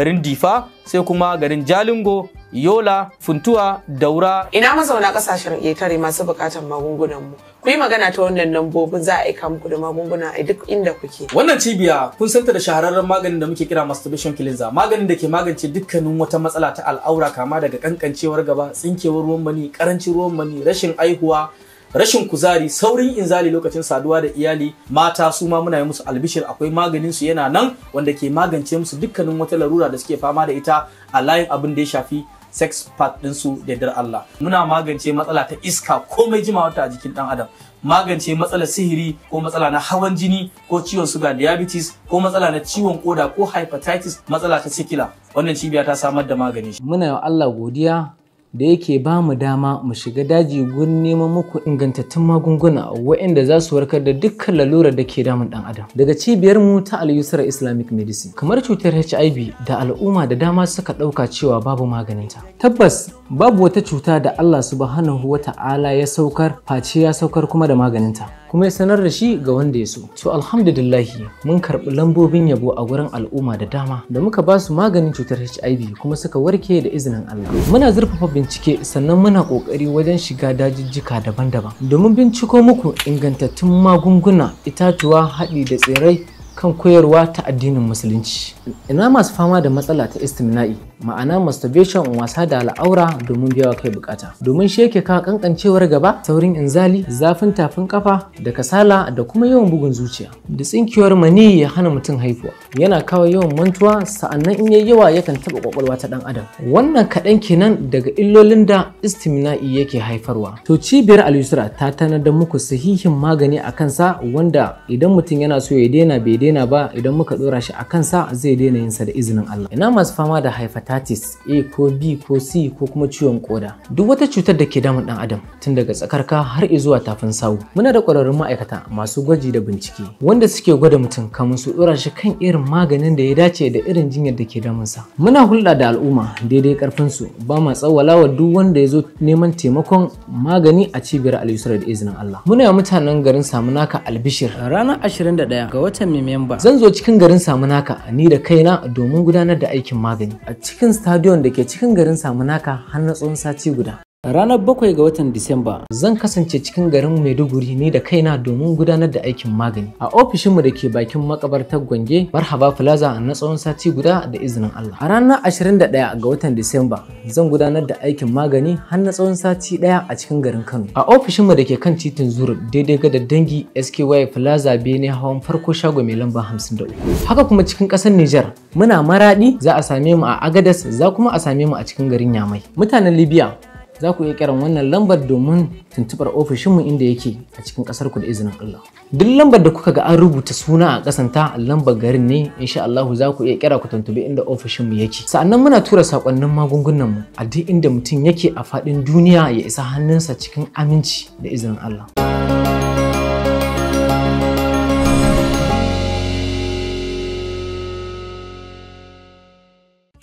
garin difa sai kuma garin jalingo Yola, Funtuwa, Daura. Ina mazauna kasashen ƙetare masu buƙatar magungunan mu. Ku yi magana ta wannan lambobin za a aika muku da magunguna a duk inda kuke. Wannan cibiya kun santa da shahararren maganin da muke kira masturbation cleanser, maganin da ke magance dukkanin wata matsala ta al'aura kama daga kankancewar gaba, tsinkewar ruwan mani, karancin ruwan mani, rashin aihuwa, rashin kuzari saurin inzali lokacin saduwa da iyali mata su ma muna yi musu albishir akwai maganin su yana nan wanda ke magance musu dukkanin wata larura da suke fama da ita a layin abin da ya shafi sex part su da dar Allah. Muna magance matsala ta iska komai jimawa ta a jikin ɗan adam. Magance matsalar sihiri ko matsala na hawan jini ko ciwon suga diabetes ko matsala na ciwon koda ko hepatitis matsala ta sikila. Wannan cibiya ta samar da magani. Muna Allah godiya da yake ba mu dama mu shiga daji gurin neman muku ingantattun magunguna waɗanda za su warkar da dukkan lalurar da ke damun ɗan adam daga cibiyar mu ta al islamic medicine kamar cutar hiv da al'umma da dama suka ɗauka cewa babu maganinta tabbas babu wata cuta da allah subhanahu wa ta'ala ya saukar face ya saukar kuma da maganinta kuma ya sanar da shi ga wanda ya so. To alhamdulillahi mun karɓi lambobin yabo a gurin al'umma da dama da muka ba su maganin cutar HIV kuma suka warke da izinin Allah. Muna zurfafa bincike sannan muna ƙoƙari wajen shiga dajijjika daban-daban domin binciko muku ingantattun magunguna, itatuwa, haɗi da tsirai kan koyarwa ta addinin musulunci ina masu fama da matsala ta istimna'i ma'ana masturbation wasa da al'aura domin biyawa kai bukata domin sheke yake kawo kankancewar gaba saurin inzali zafin tafin kafa da kasala da kuma yawan bugun zuciya da tsinkiyar mani ya hana mutum haifuwa yana kawo yawan mantuwa sa'annan in yayi yawa yakan taba kwakwalwa ta dan adam wannan kaɗan kenan daga illolin da istimna'i yake haifarwa to cibiyar al ta tanar da muku sahihin magani a kansa wanda idan mutum yana so ya daina bai daina ba idan muka dora shi a kansa zai daina yinsa da izinin Allah ina masu fama da hepatitis A ko B ko C ko kuma ciwon koda duk wata cutar da ke damun dan adam tun daga tsakarka har zuwa tafin sawu muna da kwararrun ma'aikata masu gwaji da bincike wanda suke gwada mutum kamun su dora shi kan irin maganin da ya dace da irin jinyar da ke sa muna hulɗa da al'umma daidai karfin su ba ma tsawala duk wanda ya zo neman taimakon magani a cibiyar Al-Yusra da izinin Allah muna mutanen garin Samunaka Albishir ranar 21 ga watan Mai ba. Zan zo cikin garin Samunaka ni da kaina domin gudanar da aikin magani a cikin stadion da ke cikin garin Samunaka har na tsawon sati guda. Ranar bakwai ga watan Disamba zan kasance cikin garin Maiduguri ne da kaina domin gudanar da aikin magani. A ofishinmu da ke bakin makabartar Gwange, Marhaba Plaza na tsawon sati guda da izinin Allah. A ranar 21 ga watan Disamba zan gudanar da aikin magani har na tsawon sati ɗaya a cikin garin Kano. A ofishinmu da ke kan titin Zuru daidai ga dangi SKY Plaza Bene hawan farko shago mai lamba 53. Haka kuma cikin ƙasar Nijar muna maraɗi, za a same mu a Agadas za kuma a same mu a cikin garin Yamai. Mutanen Libya za ku iya kiran wannan lambar domin tuntubar ofishinmu inda yake a cikin ƙasarku, ku da izinin Allah. Duk lambar da kuka ga an rubuta suna a ta lambar garin ne insha Allahu za ku iya kira ku tuntubi inda ofishinmu yake. Sa'annan muna tura sakonnin magungunan mu a duk inda mutum yake a fadin duniya ya isa hannunsa cikin aminci da izinin Allah.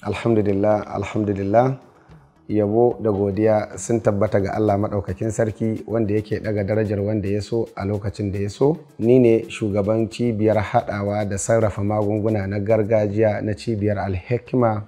Alhamdulillah, alhamdulillah. yabo da godiya sun tabbata ga Allah maɗaukakin sarki wanda yake ɗaga darajar wanda ya so a lokacin da ya so ni ne shugaban cibiyar haɗawa da sarrafa magunguna na gargajiya na cibiyar alhikima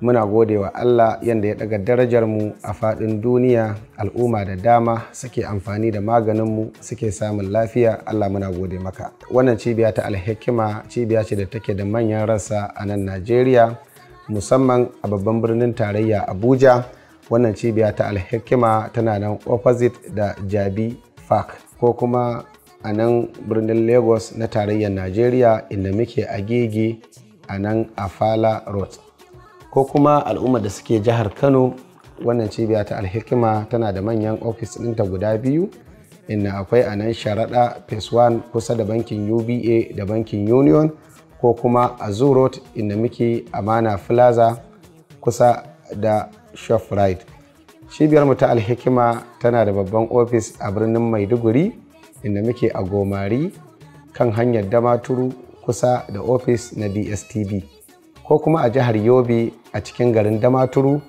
muna gode wa Allah yadda ya ɗaga darajar mu a faɗin duniya al'umma da dama suke amfani da maganinmu suke samun lafiya Allah muna gode maka wannan cibiya ta alhikima cibiya ce da take da manyan rasa a nan Najeriya musamman a babban birnin tarayya abuja wannan cibiya ta alhikima tana nan opposite da jabi park ko kuma a nan birnin lagos na tarayyar nigeria inda muke a gege a nan afala road ko kuma al'ummar da suke jihar kano wannan cibiya ta alhikima tana da manyan ofis ɗinta guda biyu inda akwai a nan sharaɗa phase 1 kusa da bankin uba da bankin union ko kuma a zoo road inda muke amana plaza kusa da shoprite mu ta alhikima tana da babban ofis a birnin maiduguri inda muke a gomari kan hanyar damaturu kusa da ofis na dstv ko kuma a jihar yobe a cikin garin damaturu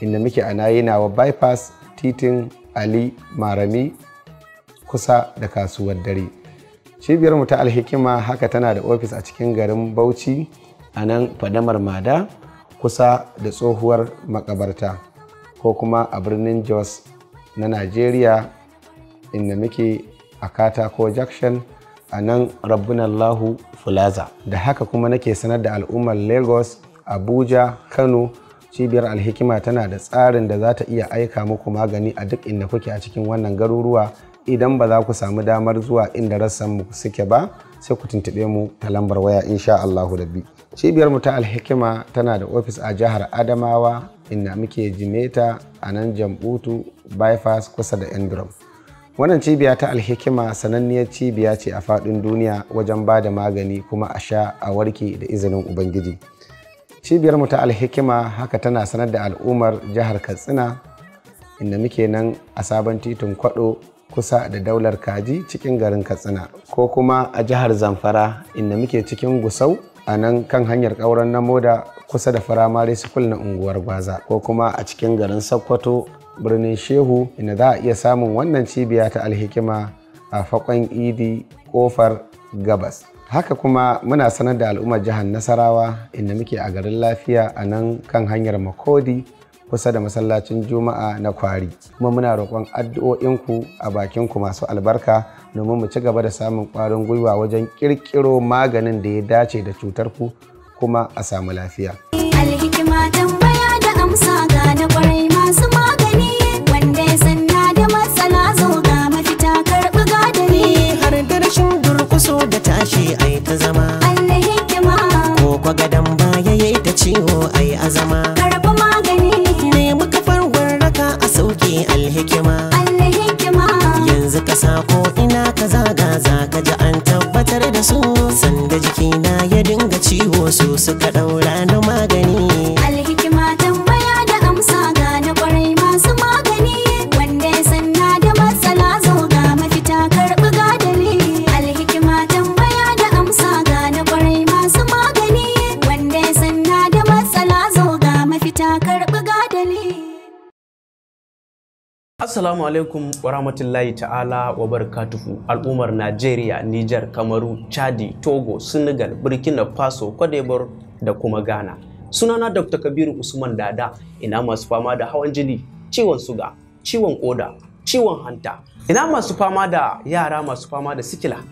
inda muke a nayinawa bypass titin ali marami kusa da kasuwar dare cibiyar mu ta alhikima haka tana da ofis a cikin garin bauchi a nan fadamar mada kusa da tsohuwar makabarta ko kuma a birnin jos na najeriya inda muke a katako junction a nan rabbunallahu fulaza da haka kuma nake sanar da al'ummar lagos abuja kano cibiyar alhikima tana da tsarin da za ta iya aika muku magani a duk inda kuke a cikin wannan garuruwa idan ba za ku samu damar zuwa inda rassan mu suke ba sai ku tuntube mu ta lambar waya insha Allahu rabbi cibiyar mu ta alhikima tana da ofis a jihar Adamawa inda muke jimeta a nan jambutu bypass kusa da Endrum wannan cibiya ta alhikima sananniyar cibiya ce a faɗin duniya wajen ba da magani kuma a sha a warke da izinin ubangiji cibiyar mu ta alhikima haka tana sanar da al'ummar jihar katsina inda muke nan a sabon titin kwado kusa da daular kaji cikin garin katsina ko kuma a jihar zamfara inda muke cikin gusau a nan kan hanyar ƙauren na moda kusa da firamare su na unguwar gwaza ko kuma a cikin garin sokoto birnin shehu inda za a iya samun wannan cibiya ta alhikima a fakon idi kofar gabas haka kuma muna sanar da al'ummar jihar nasarawa inda muke a garin lafiya a nan kan hanyar makodi kusa da masallacin juma'a na kwari kuma muna roƙon addu'o'inku a bakin ku masu albarka domin mu ci gaba da samun ƙwarin gwiwa wajen ƙirƙiro maganin da ya dace da cutar ku kuma a samu lafiya alhikima tambaya da amsa ga na kwarai masu magani wanda ya sanna da matsala zo ga mafita karɓi gadani har da rashin durƙuso da tashi ai ta zama alhikima ko kwa gadon baya yayi ta ciwo ai azama baka ko ina ka zaga za ka ji an tabbatar da su sanda jikina ya dinga ciwo su suka ɗaura na magani Assalamu alaikum wa rahmatullahi ta'ala wa barakatuhu al'ummar Najeriya, Nijar, Kamaru, Chadi, Togo, Senegal, Burkina Faso, Kwadebar da kuma Ghana. Sunana Dr. Kabiru Usman Dada ina masu fama da hawan jini, ciwon suga, ciwon koda, ciwon hanta. Ina masu fama da yara masu fama da sikila.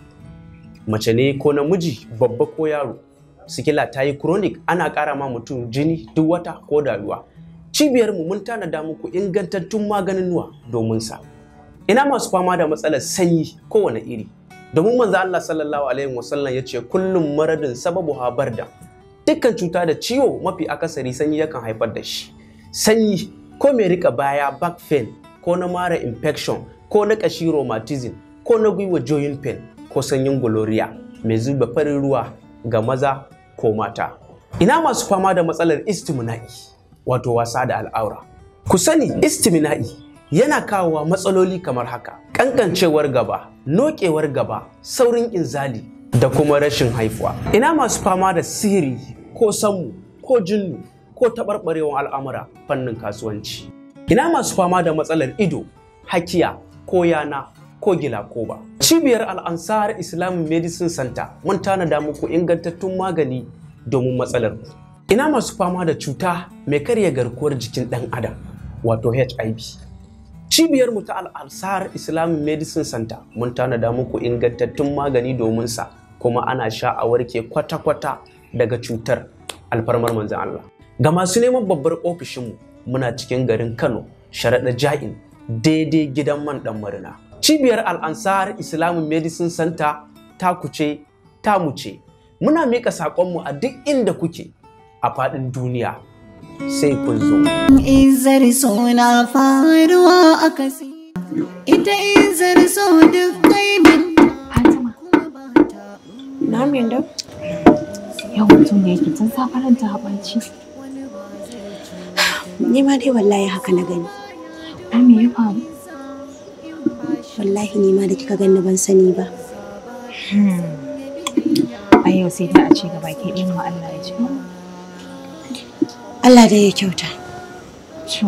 Mace ne ko namiji babba ko yaro. Sikila ta yi chronic ana ƙara ma mutum jini duk wata ko da ruwa. cibiyar mu mun tanada muku ingantattun maganin nuwa domin sa ina masu fama da matsalar sanyi kowane iri domin manzo Allah sallallahu alaihi wasallam ya ce kullum maradin sababu habar da dukkan cuta da ciwo mafi akasari sanyi yakan haifar da shi sanyi ko mai rika baya back pain ko na mara infection ko na kashi rheumatism ko na gwiwa joint pain ko sanyin gloria mai zuba farin ruwa ga maza ko mata ina masu fama da matsalar istimna'i wato wasa da al'aura ku sani istimina'i yana kawowa matsaloli kamar haka ƙanƙancewar gaba noƙewar gaba saurin inzali da kuma rashin haifuwa ina masu fama da sihiri ko sammu ko jinnu ko taɓarɓarewar al'amura fannin kasuwanci ina masu fama da matsalar ido hakiya ko yana ko gilakoba. Cibiyar Al'ansar Islamin Medicine Center mun tanada muku ingantattun magani domin matsalar ku. ina masu fama da cuta mai karya garkuwar jikin ɗan adam wato hiv cibiyar mu ta al'asar islam medicine center mun tanada muku ingantattun magani domin sa kuma ana sha'awar ke kwata-kwata daga cutar alfarmar manzan Allah ga masu neman babbar ofishinmu muna cikin garin kano sharaɗa ja'in daidai gidan man ɗan marina cibiyar al'ansar islamic medicine center ta kuce ta muce muna miƙa saƙonmu a duk inda kuke a faɗin duniya sai kun zo. Izar suna faruwa a kasi, ita izar so duk kaibin. Fatima, na min da? Yau mutum da yake tun safaran ta haɓaci. Ni ma dai wallahi haka na gani. Ko me ya faru? Wallahi ni ma da kika gani ban sani ba. Hmm. A yau sai ta a ce gaba ke ɗin Allah ya ji. Allah da ya kyauta. To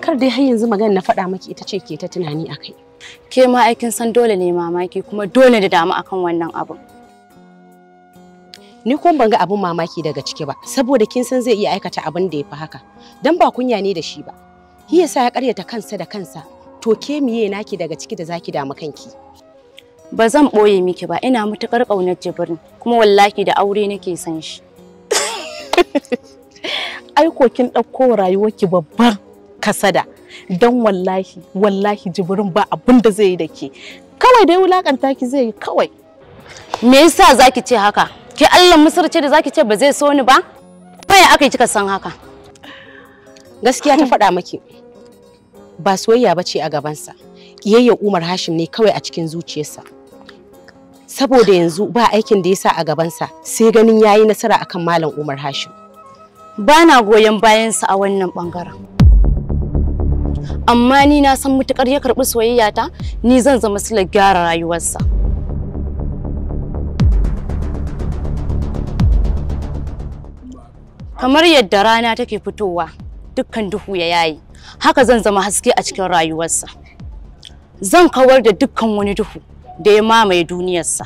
Kar dai har yanzu magana na faɗa maki ita ce ke ta tunani a kai. Ke ma aikin san dole ne mamaki kuma dole da damu akan wannan abun. ni kuma ban ga abin mamaki daga ciki ba saboda kin san zai iya aikata abin da ya fi haka dan ba kunya ne da shi ba shi yasa ya karyata kansa da kansa to ke miye naki daga ciki da zaki damu kanki ba zan boye miki ba ina matukar kaunar jibrin kuma wallahi da aure nake san shi [laughs] ai ko kin dauko rayuwarki babban kasada dan wallahi wallahi jibrin ba abin da zai yi da kawai dai wulakanta ki zai yi kawai me yasa zaki ce haka Ke Allah Misir da zaki ce ba zai so ni ba? Ta ya aka kika san haka? Gaskiya ta faɗa maki. Ba soyayya ba ce a gabansa. kiyayya Umar Hashim ne kawai a cikin zuciyarsa. Saboda yanzu ba aikin da ya sa a gabansa sai ganin ya yi nasara akan Malam Umar Hashim. Ba na goyon bayansa a wannan ɓangaren. amma ni na san mutukar ya karɓi soyayya ta, ni zan zama silar gyara rayuwarsa. Kamar yadda rana take fitowa dukkan duhu ya yayi, haka zan zama haske a cikin rayuwarsa. Zan kawar da dukkan wani duhu da ya mamaye duniyarsa.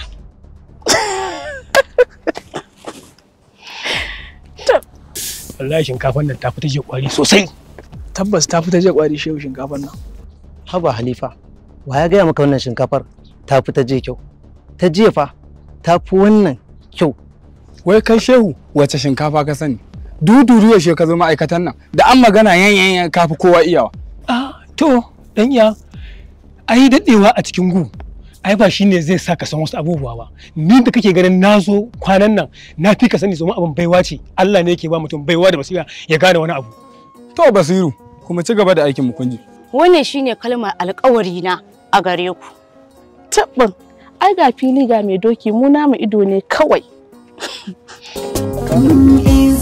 Wallahi shinkafar nan ta fita je kwari sosai. Tabbas ta fita je kwari shehu shinkafar nan. Haba Halifa, wa ya gaya maka wannan shinkafar ta fita je kyau? Ta jiya fa ta fi wannan kyau. Wai kai shehu wace shinkafa ka sani? duduru yaushe ka zo ma'aikatan nan da an magana yanyan kafi kowa iyawa ah to dan iya ai daɗewa a cikin gu ai ba shine zai sa ka san wasu abubuwa ba ni da kake ganin na zo kwanan nan na fi ka sani domin abin baiwa ce Allah ne yake ba mutum baiwa da basira ya gane wani abu to basiru kuma ci gaba da aikin mu kunji wannan shine kalmar alƙawari na a gare ku tabbin ai ga fili ga mai doki mu namu ido ne kawai [laughs]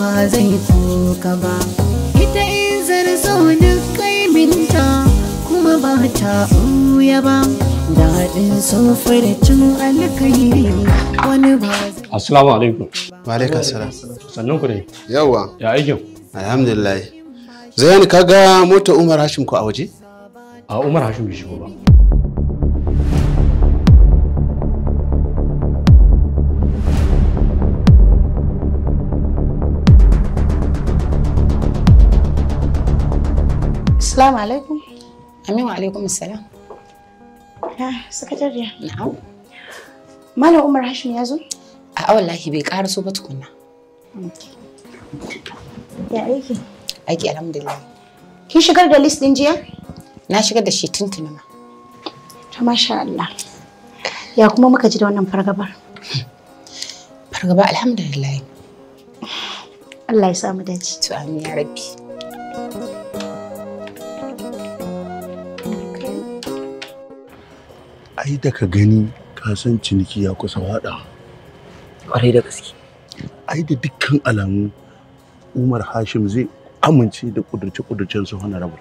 ba zai koka ba ita in zarzo duk kaiminta kuma ba ta ɓuya ba daɗin cin alkairi wani ba zai asalamu alaikum wa alaikum salam sannan ku dai yawa ya aikin alhamdulillah zai zayani kaga mota umar hashim ku a waje a umar hashim bai shigo ba Assalamu alaikum. Amin wa alaikum assalam. Ya, sakatariya. Na'am. Malam Umar Hashim ya zo? A'a wallahi bai ƙara so ba tukunna. Ya aiki? Aiki alhamdulillah. Kin shigar da list din jiya? Na shigar da shi tuntuni ma. To masha Allah. Ya kuma muka ji da wannan fargabar? Fargaba alhamdulillah. Allah ya samu dace. To amin ya rabbi. ai da ka gani ka san ciniki ya kusa wada kwarai da gaske ai da dukkan alamu umar hashim zai amince da kudurce-kudurcen su rabu.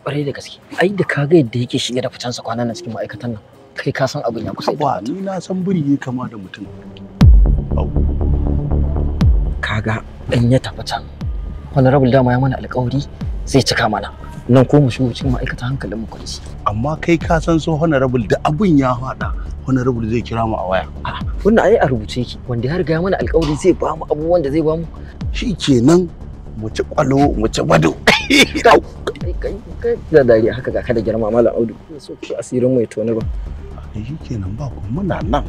kwarai da gaske ai da ka ga yadda yake shige da sa kwanan nan cikin ma'aikatan nan kai ka san abin ya kusa ba ni na san buri kama da mutum kaga in ya tafi can honorable dama ya mana alƙawari zai cika mana nan ko mu shigo cikin ma'aikata hankalin mu kwanci amma kai ka san so honorable da abun ya hada honorable zai kira mu a waya wannan ai a rubuce ki wanda ya riga mana alƙawari zai ba mu abubuwan da zai ba mu shikenan mu ci kwalo mu ci bado da [laughs] dariya haka ga kada girma malam audu so ki asirin mu ya tona ba kenan ba ku muna nan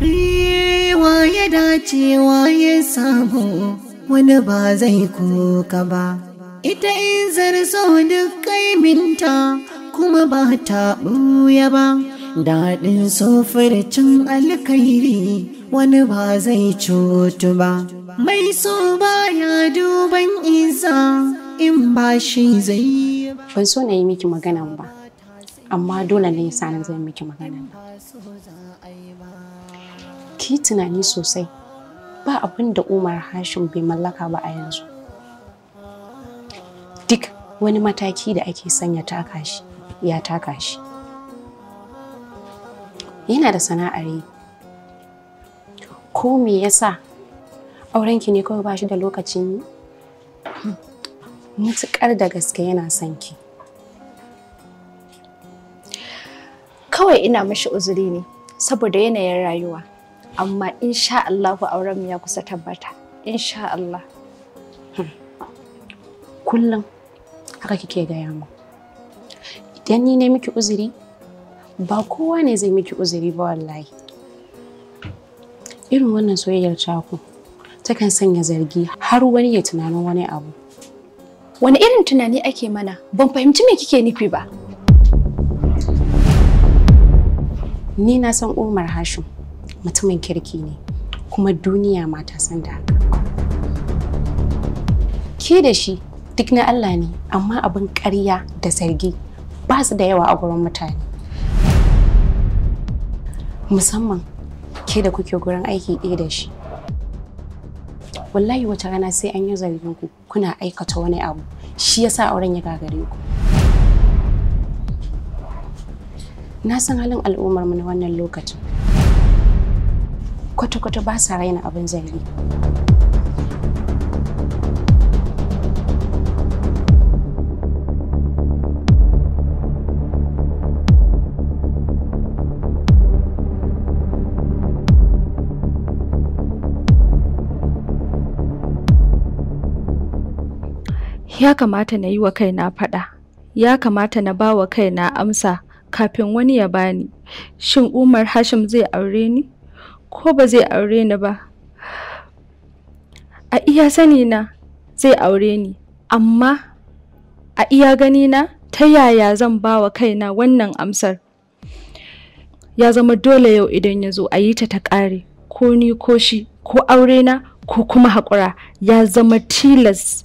Riwa ya dace wa ya sabo wani ba zai kuka ba. ita in so duk kaiminta kuma ba ta ɓuya ba daɗin cin alkairi wani ba zai cutu ba mai so baya duban isa in ba shi zai ban so na yi miki magana ba amma dole ne yasa na zai miki magana ki tunani sosai ba abin da umar hashim bai mallaka ba a yanzu wani mataki da ake sanya taka shi ya taka shi yana da sana'ar yi ko me yasa aurenki ne kawai ba shi da lokacin yi mutukar da gaske yana son ki kawai ina mashi uzuri ne saboda yanayin rayuwa amma insha Allahu auren ya kusa tabbata insha Allah hmm. kullum haka kike gaya mu idan ni ne miki uzuri ba kowa ne zai miki uzuri ba wallahi irin wannan soyayyar taku takan sanya zargi har wani ya tunanin wani abu wani irin tunani ake mana ban fahimci me kike nufi ba ni na san umar hashim mutumin kirki ne kuma duniya mata sanda. san da ke da shi duk na Allah ne amma abin ƙarya da zargi ba su da yawa a gurin mutane musamman ke da kuke gurin aiki ɗaya da shi wallahi wata rana sai an yi zargin ku kuna aikata wani abu shi ya sa auren ya gagare ku na san halin al'ummar mu na wannan lokacin kwata-kwata ba sa raina abin zargi ya kamata na yi wa kaina faɗa ya kamata na ba wa kaina amsa kafin wani ya bani shin umar hashim zai aure ni ko ba zai aure ni ba a iya sani na zai aure ni amma a iya gani na ta yaya zan ba wa kaina wannan amsar ya zama dole yau idan ya zo a yi ta ta ƙare ko ni ko shi ko aure na ko kuma haƙura ya zama tilas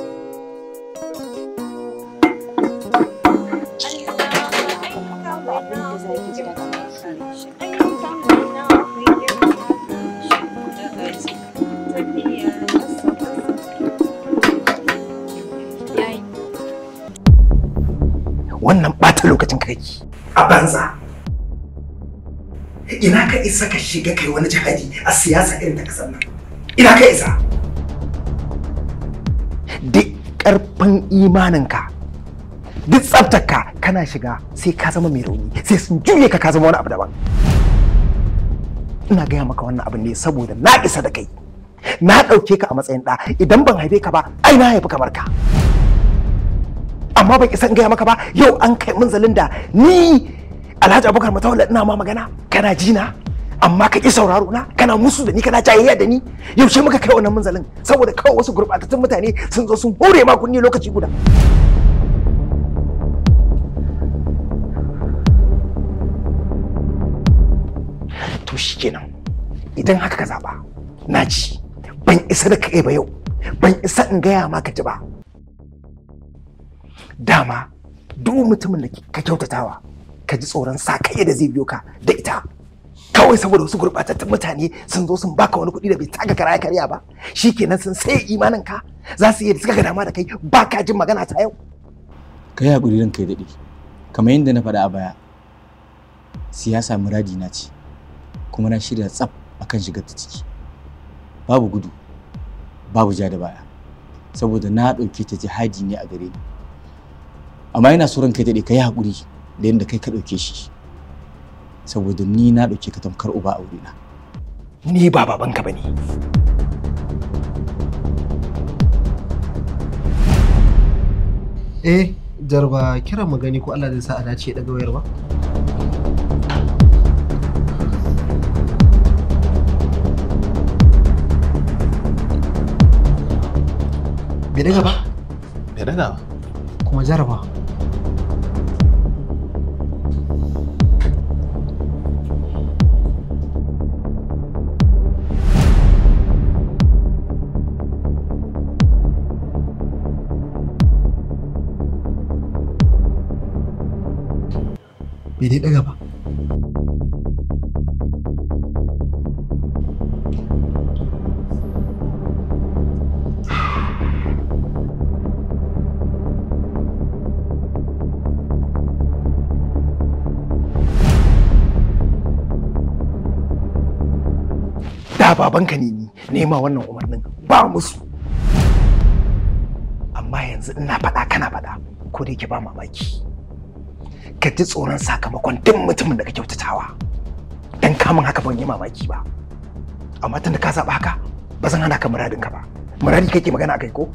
wannan ɓata lokacin ka kake a banza ina ka isa ka shiga kai wani jihadi a siyasa irin ta kasar nan ina ka isa duk ƙarfin imaninka duk tsaftarka kana shiga sai ka zama mai rauni sai sun juye ka ka zama wani abu daban ina gaya maka wannan abin ne saboda na isa da kai na ɗauke ka a matsayin ɗa idan ban haife ka ba ai na haifi kamar ka amma ban isa in gaya maka ba yau an kai munzalin da ni alhaji abubakar mutawalla ina ma magana kana ji na amma ka ƙi sauraro na kana musu da ni kana jayayya da ni yaushe muka kai wannan munzalin saboda kawai wasu gurɓatattun mutane sun zo sun hore ma kunni lokaci guda to shikenan idan haka ka zaba na ji ban isa da kai ba yau ban isa in gaya ma ka ji ba dama duk mutumin da ka kyautatawa ka ji tsoron sa kai da zai biyo ka da ita kawai saboda wasu gurɓatattun mutane sun zo sun baka wani kuɗi da bai taka karaya karya ba shi kenan sun sai imanin ka za su iya suka ga dama da kai ba ka jin magana ta yau ka yi haƙuri ranka ya daɗe kamar yadda na faɗa a baya siyasa muradi na ce kuma na shirya tsaf akan shigar ta ciki babu gudu babu ja da baya saboda na ɗauke ta jihadi ne a gare ni amma ina so ranka daɗe ka yi hakuri da yadda kai ka ɗauke shi saboda ni na ɗauke ka tamkar uba a wurina ni ba ka ba ne eh jarba kiran magani ko Allah zai sa a dace daga wayar ba bai daga ba bai daga ba kuma jaraba bai dai daga ba da babanka ne ni nema wannan umarnin ba musu amma yanzu ina faɗa kana faɗa ko da yake ba mamaki ka ji tsoron sakamakon duk mutumin da ka kyautatawa dan kamun haka ban yi mamaki ba amma da ka zaba haka ba zan hana ka muradin ka ba muradi kake magana akai ko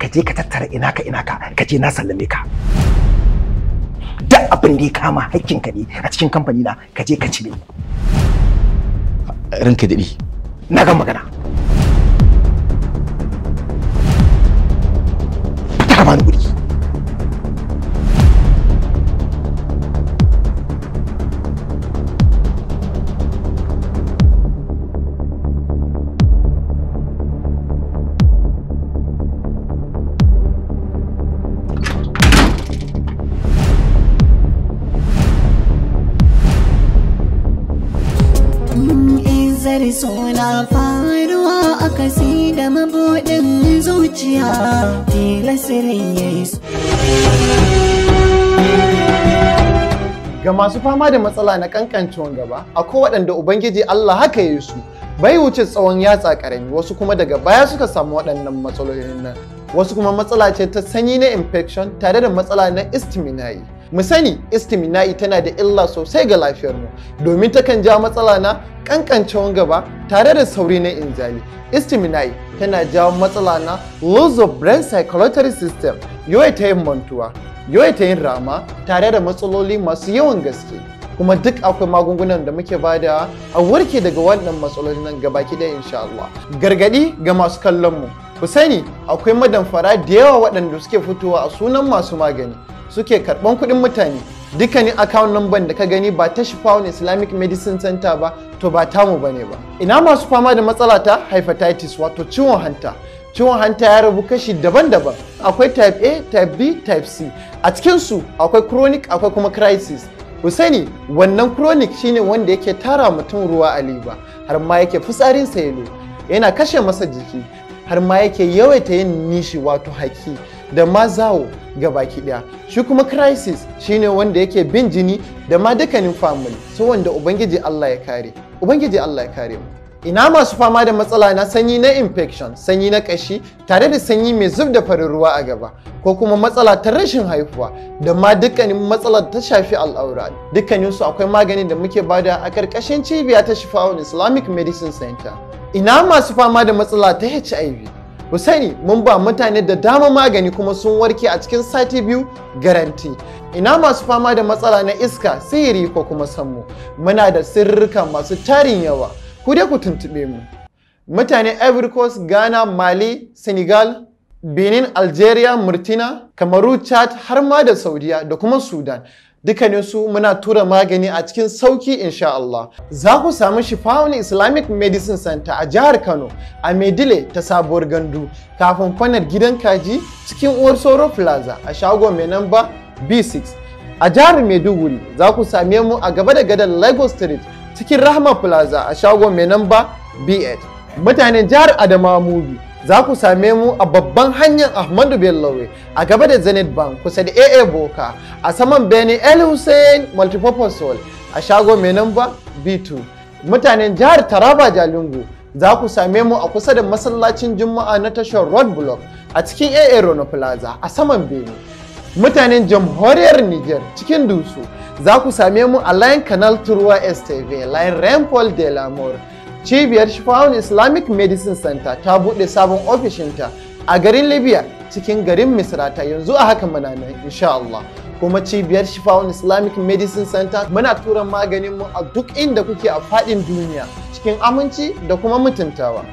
ka je ka tattara ina ka ina ka ka je na sallame ka duk abin da ya kama hakkin ka ne a cikin kamfani na ka je ka cire ranka daɗi na ga magana na faruwa a da mabuɗin zuciya tilasirin yesu ga masu fama da matsala na kankancewan gaba akwai waɗanda ubangiji Allah haka ya yi su bai wuce tsawon yatsa ƙarami wasu kuma daga baya suka samu waɗannan matsalolin nan wasu kuma matsala ce ta sanyi na infection tare da matsala na istiminayi mu sani istimina'i tana da illa sosai ga lafiyarmu domin takan ja matsala na kankancewan gaba tare da sauri na inzali istimina'i tana jawo matsala na loss of brain circulatory system ta yin mantuwa ta yin rama tare da matsaloli masu yawan gaske kuma duk akwai magungunan da muke bada a warke daga wannan matsalolin nan gabaki ɗaya insha Allah gargadi ga masu kallon mu ku sani akwai madamfara da yawa waɗanda suke fitowa a sunan masu magani suke karɓan kuɗin mutane dukkanin account number da ka gani ba ta wani Islamic Medicine Center ba to ba tamu bane ba ina masu fama da matsala ta hepatitis wato ciwon hanta ciwon hanta ya rabu kashi daban-daban akwai type A type B type C a cikin su akwai chronic akwai kuma crisis ku sani wannan chronic shine wanda yake tara mutum ruwa a liba har ma yake fitsarin sayilo yana kashe masa jiki har ma yake yawaita yin nishi wato haki da ma zawo ga baki ɗaya. shi kuma crisis shine wanda yake bin jini da ma dukkanin family so wanda ubangiji Allah ya kare ubangiji Allah ya kare mu ina masu fama da matsala na sanyi na infection sanyi na kashi tare da sanyi mai zub da farin ruwa a gaba ko kuma matsala ta rashin haihuwa da ma dukkanin matsalar ta shafi al'aura dukkanin su akwai maganin da muke bada a karkashin cibiya ta shifa'un islamic medicine center ina masu fama da matsala ta hiv ku sani mun ba mutane da dama magani kuma sun warke a cikin sati biyu garanti ina masu fama da matsala na iska sihiri ko kuma sammo muna da sirrika masu tarin yawa ku dai ku tuntuɓe mu mutane ivory coast ghana mali senegal benin algeria murtina kamaru chad har ma da saudiya da kuma sudan su muna tura magani a cikin sauki insha Allah. Za ku samu Shifawun Islamic Medicine Center a jihar Kano a Medile ta sabuwar gandu kafin kwanar gidan kaji cikin uwar Soro Plaza a shago mai namba B6. A jihar Maiduguri za ku same mu a gaba da gadon Lagos Street cikin Rahma Plaza a shago mai namba B8. Mutanen jihar Adamawa Mubi za ku same mu a babban hanyar Ahmadu bellowe a gaba da Zenith Bank kusa da AA Boka a saman Bene El Hussein Multipurpose Hall a shago mai namba B2. Mutanen jihar Taraba jalingu za ku same mu a kusa da masallacin Juma'a na tashar Road Block a cikin AA Rono Plaza a saman Bene. Mutanen jamhuriyar Niger cikin Dusu za ku same mu a Line Canal Turwa STV, Line Rainfall de la Mort. Cibiyar Shifa'un Islamic Medicine Center ta buɗe sabon ofishinta a garin Libya cikin garin Misrata yanzu a haka muna nan insha Allah. Kuma cibiyar Shifa'un Islamic Medicine Center muna turan maganinmu a duk inda kuke a faɗin duniya cikin aminci da kuma mutuntawa.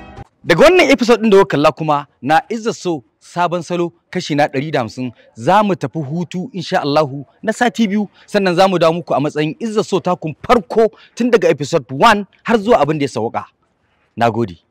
Daga wannan episode ɗin da kuka kalla kuma na Izza So sabon salo kashi na hamsin za mu tafi hutu insha Allahu na sati biyu sannan za mu dawo muku a matsayin izza so takun farko tun daga episode 1 har zuwa abin da ya sauka. gode.